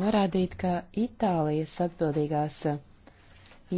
norādīt, ka Itālijas atbildīgās